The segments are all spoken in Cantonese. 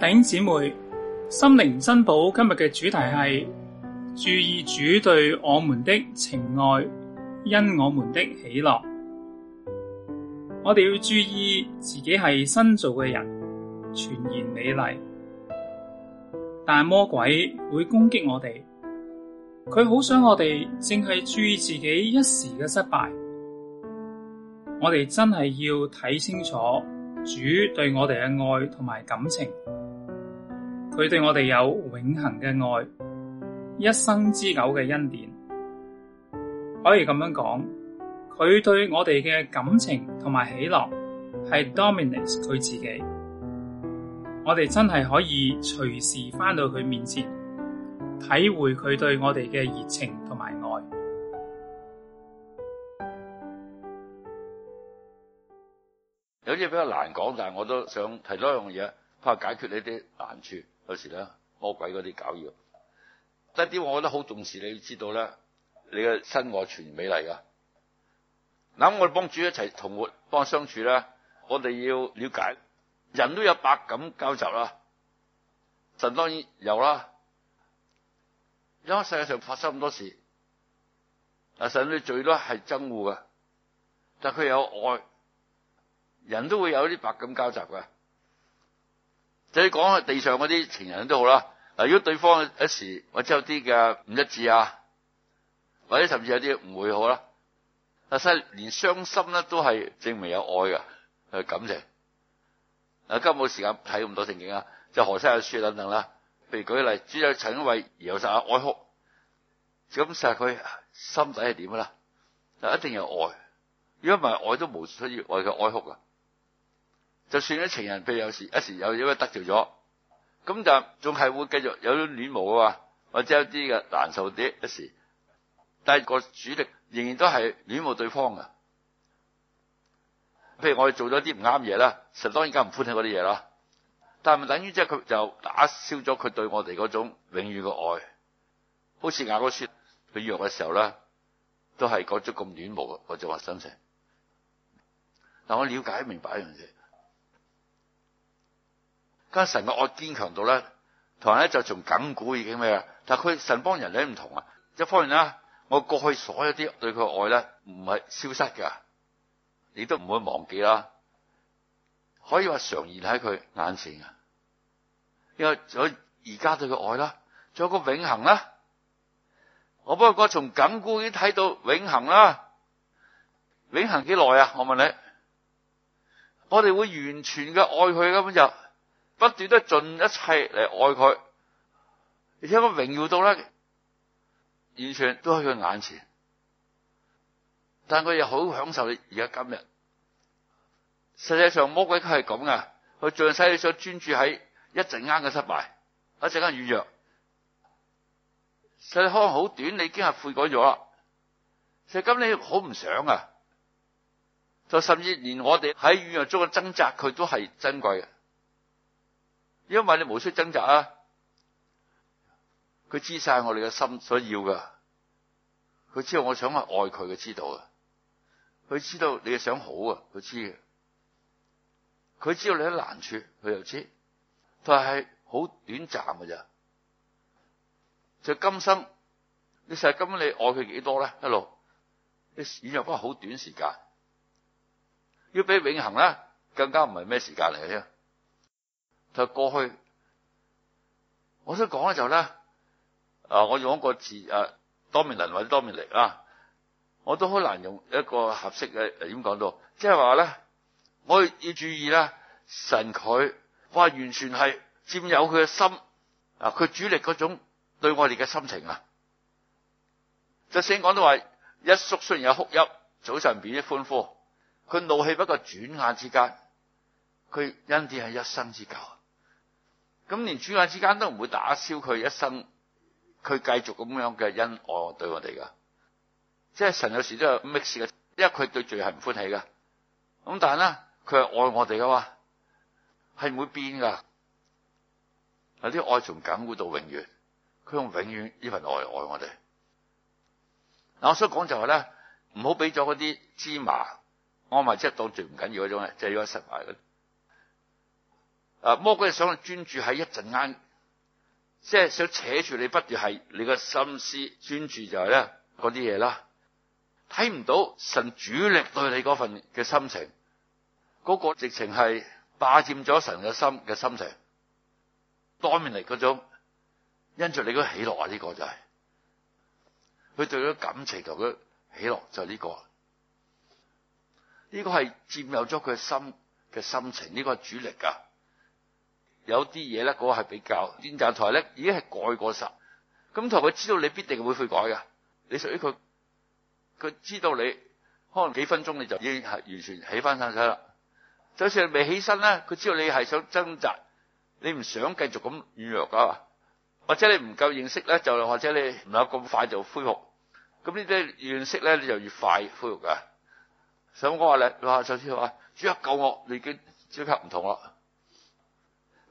弟兄姊妹，心靈珍寶，今日嘅主題係注意主對我們的情愛，因我們的喜樂。我哋要注意自己係新造嘅人，全然美麗，但魔鬼會攻擊我哋。佢好想我哋淨係注意自己一時嘅失敗。我哋真係要睇清楚主對我哋嘅愛同埋感情。佢對我哋有永恒嘅愛，一生之久嘅恩典。可以咁樣講，佢對我哋嘅感情同埋喜樂係 dominate 佢自己。我哋真係可以隨時返到佢面前，體會佢對我哋嘅熱情同埋愛。有啲嘢比較難講，但係我都想提多一樣嘢，包括解決你啲難處。有時咧，魔鬼嗰啲搞嘢，真啲，我覺得好重視你。你要知道咧，你嘅新我全美麗噶。嗱，我哋幫主一齊同活，幫相處咧，我哋要了解，人都有百感交集啦。神當然有啦，因為世界上發生咁多事，嗱，神最最多係憎惡㗎。但佢有愛，人都會有啲百感交集噶。就你講地上嗰啲情人都好啦，嗱，如果對方一時或者有啲嘅唔一致啊，或者甚至有啲唔會好啦，其實連傷心咧都係證明有愛嘅，係、就是、感情。嗱，今日冇時間睇咁多聖經啊，就何生嘅書等等啦。譬如舉例，只有陳偉而有陣啊哀哭，咁實係佢心底係點啦？嗱，一定有愛，如果唔係愛都無出於愛嘅哀哭啊！就算係情人，譬如有時一時有嘢得罪咗，咁就仲係會繼續有戀慕啊，或者有啲嘅難受啲一有時，但係個主力仍然都係戀慕對方嘅。譬如我哋做咗啲唔啱嘢啦，神當然梗唔歡喜嗰啲嘢啦，但係咪等於即係佢就打消咗佢對我哋嗰種永遠嘅愛？好似亞哥說佢弱嘅時候咧，都係覺得咁戀慕，或者話心情。但我了解明白一樣嘢。跟神嘅愛堅強到咧，同埋咧就從亙古已經咩啊？但係佢神幫人咧唔同啊！一方面啦，我過去所有啲對佢嘅愛咧，唔係消失噶，你都唔會忘記啦，可以話常現喺佢眼前啊！因為再而家對佢愛啦，仲有個永恆啦，我不過從亙古已經睇到永恆啦，永恆幾耐啊？我問你，我哋會完全嘅愛佢咁樣就。不斷都盡一切嚟愛佢，而且個榮耀到咧，完全都喺佢眼前。但佢又好享受你而家今日。實際上魔鬼佢係咁噶，佢盡係你想專注喺一陣間嘅失敗，一陣間軟弱。細康好短，你已經係悔改咗啦。細金你好唔想啊？就甚至連我哋喺軟弱中嘅掙扎，佢都係珍貴嘅。因為你無需掙扎啊，佢知晒我哋嘅心所要噶，佢知道我想去愛佢嘅知道啊，佢知道你嘅想好啊，佢知嘅，佢知道你喺難處，佢又知，道知，道就知道，但係好短暫嘅咋？就今生，你實根本你愛佢幾多咧？一路，你軟弱不過好短時間，要俾永恒啦，更加唔係咩時間嚟嘅啫，就過去，我想講咧就咧，啊，我用一個字，啊，多面能或者多面力啊，我都好難用一個合適嘅點講到，即係話咧，我要注意咧，神佢哇完全係佔有佢嘅心，啊，佢主力那種對我哋嘅心情啊，就先講到話，一宿雖然有哭泣，早晨便必歡呼，佢怒氣不過轉眼之間，佢恩典係一生之久。咁連轉眼之間都唔會打消佢一生，佢繼續咁樣嘅恩愛對我哋噶，即係神有時都係 mix 嘅，因為佢對罪係唔歡喜㗎。咁但係咧，佢係愛我哋噶嘛，係唔會變噶，有啲愛從鞏固到永遠，佢用永遠呢份愛愛我哋。嗱，我想講就係、是、咧，唔好俾咗嗰啲芝麻，我咪即係到最唔緊要嗰種就即、是、係要失埋嗰。啊！魔鬼想專注喺一陣間，即係想扯住你，不如係你嘅心思專注就係咧嗰啲嘢啦。睇唔到神主力對你嗰份嘅心情，嗰個直情係霸占咗神嘅心嘅心情。多面嚟嗰種因住你嗰喜樂啊，呢個就係佢對咗感情同佢嘅喜樂，就係呢個。呢個係佔有咗佢心嘅心情，呢個係主力噶。有啲嘢咧，嗰、那個係比較電站台咧，已經係改過實。咁同佢知道你必定會去改㗎。你屬於佢，佢知道你可能幾分鐘你就已經完全起翻晒身啦。就算你未起身咧，佢知道你係想掙扎，你唔想繼續咁軟弱啊，或者你唔夠認識咧，就或者你唔有咁快就恢復。咁呢啲認識咧，你就越快恢復㗎。想講話呢，話首先話，主啊救我，你已經即刻唔同啦。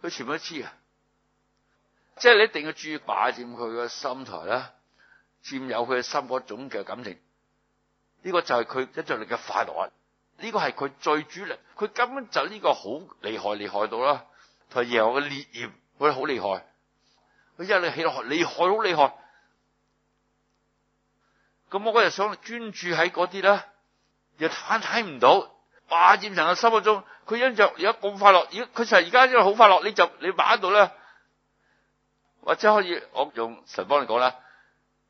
佢全部都知啊！即係你一定要注意霸占佢個心台啦，占有佢心嗰種嘅感情，呢、這個就係佢一種嚟嘅快樂。呢、這個係佢最主力，佢根本就呢個好厲害，厲害到啦！佢耶和華嘅烈焰，佢好厲害，佢一力起落，厲害，好厲害。咁我嗰日想專注喺嗰啲啦，又反睇唔到。哇！佔神嘅心目中，佢因着而家咁快樂，咦？佢實而家因為好快樂，你就你擺喺度咧，或者可以我用神幫你講啦。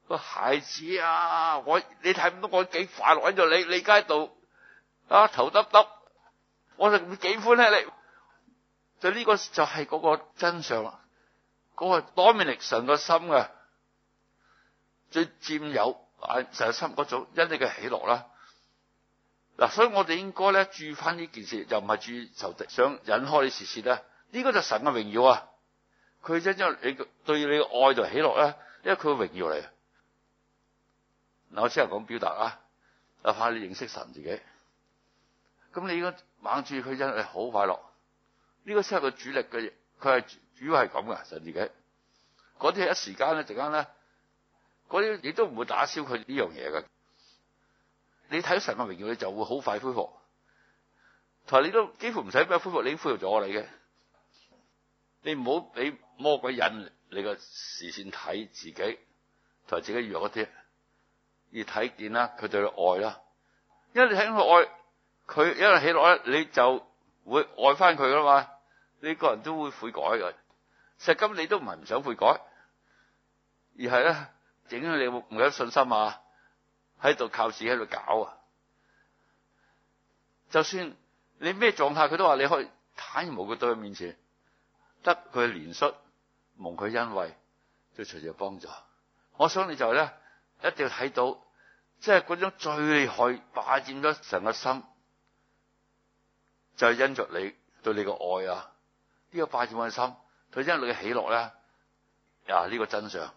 個孩子啊，我你睇唔到我幾快樂，因着你，你而家喺度啊，頭耷耷，我實幾歡喜你。就呢個就係嗰個真相啦，嗰個 Dominic 神嘅心啊，最佔有啊神心嗰種因你嘅喜樂啦。嗱，所以我哋應該咧注翻呢件事，又唔係注意仇敵想引開你事事咧，呢個就神嘅榮耀啊！佢真係你對你嘅愛就喜樂呀，因為佢嘅榮耀嚟。嗱，我只係講表達啊，就怕你認識神自己。咁你應該猛住佢真係好快樂，呢個先係個主力嘅，佢係主要係咁嘅神自己。嗰啲係一時間咧，陣間咧，嗰啲亦都唔會打消佢呢樣嘢嘅。你睇到神嘅榮耀，你就會好快恢復。同埋你都幾乎唔使咩恢復，你已經恢復咗嚟嘅。你唔好俾魔鬼引你個視線睇自己，同埋自己弱一啲，而睇見啦，佢對你愛啦。因為你喺佢愛，佢因為起落咧，你就會愛翻佢噶嘛。你個人都會悔改嘅。其實噉，你都唔係唔想悔改，而係咧整到你唔記得信心啊！喺度靠自己喺度搞啊！就算你咩狀態，佢都話你可以坦然無懼對佢面前，得佢嘅憐恤、蒙佢恩惠，都隨住幫助。我想你就係、是、咧，一定要睇到，即係嗰種最害霸佔咗成個心，就係、是、因着你對你嘅愛啊！呢、這個霸佔我嘅心，對因你嘅喜樂咧，啊呢、這個真相。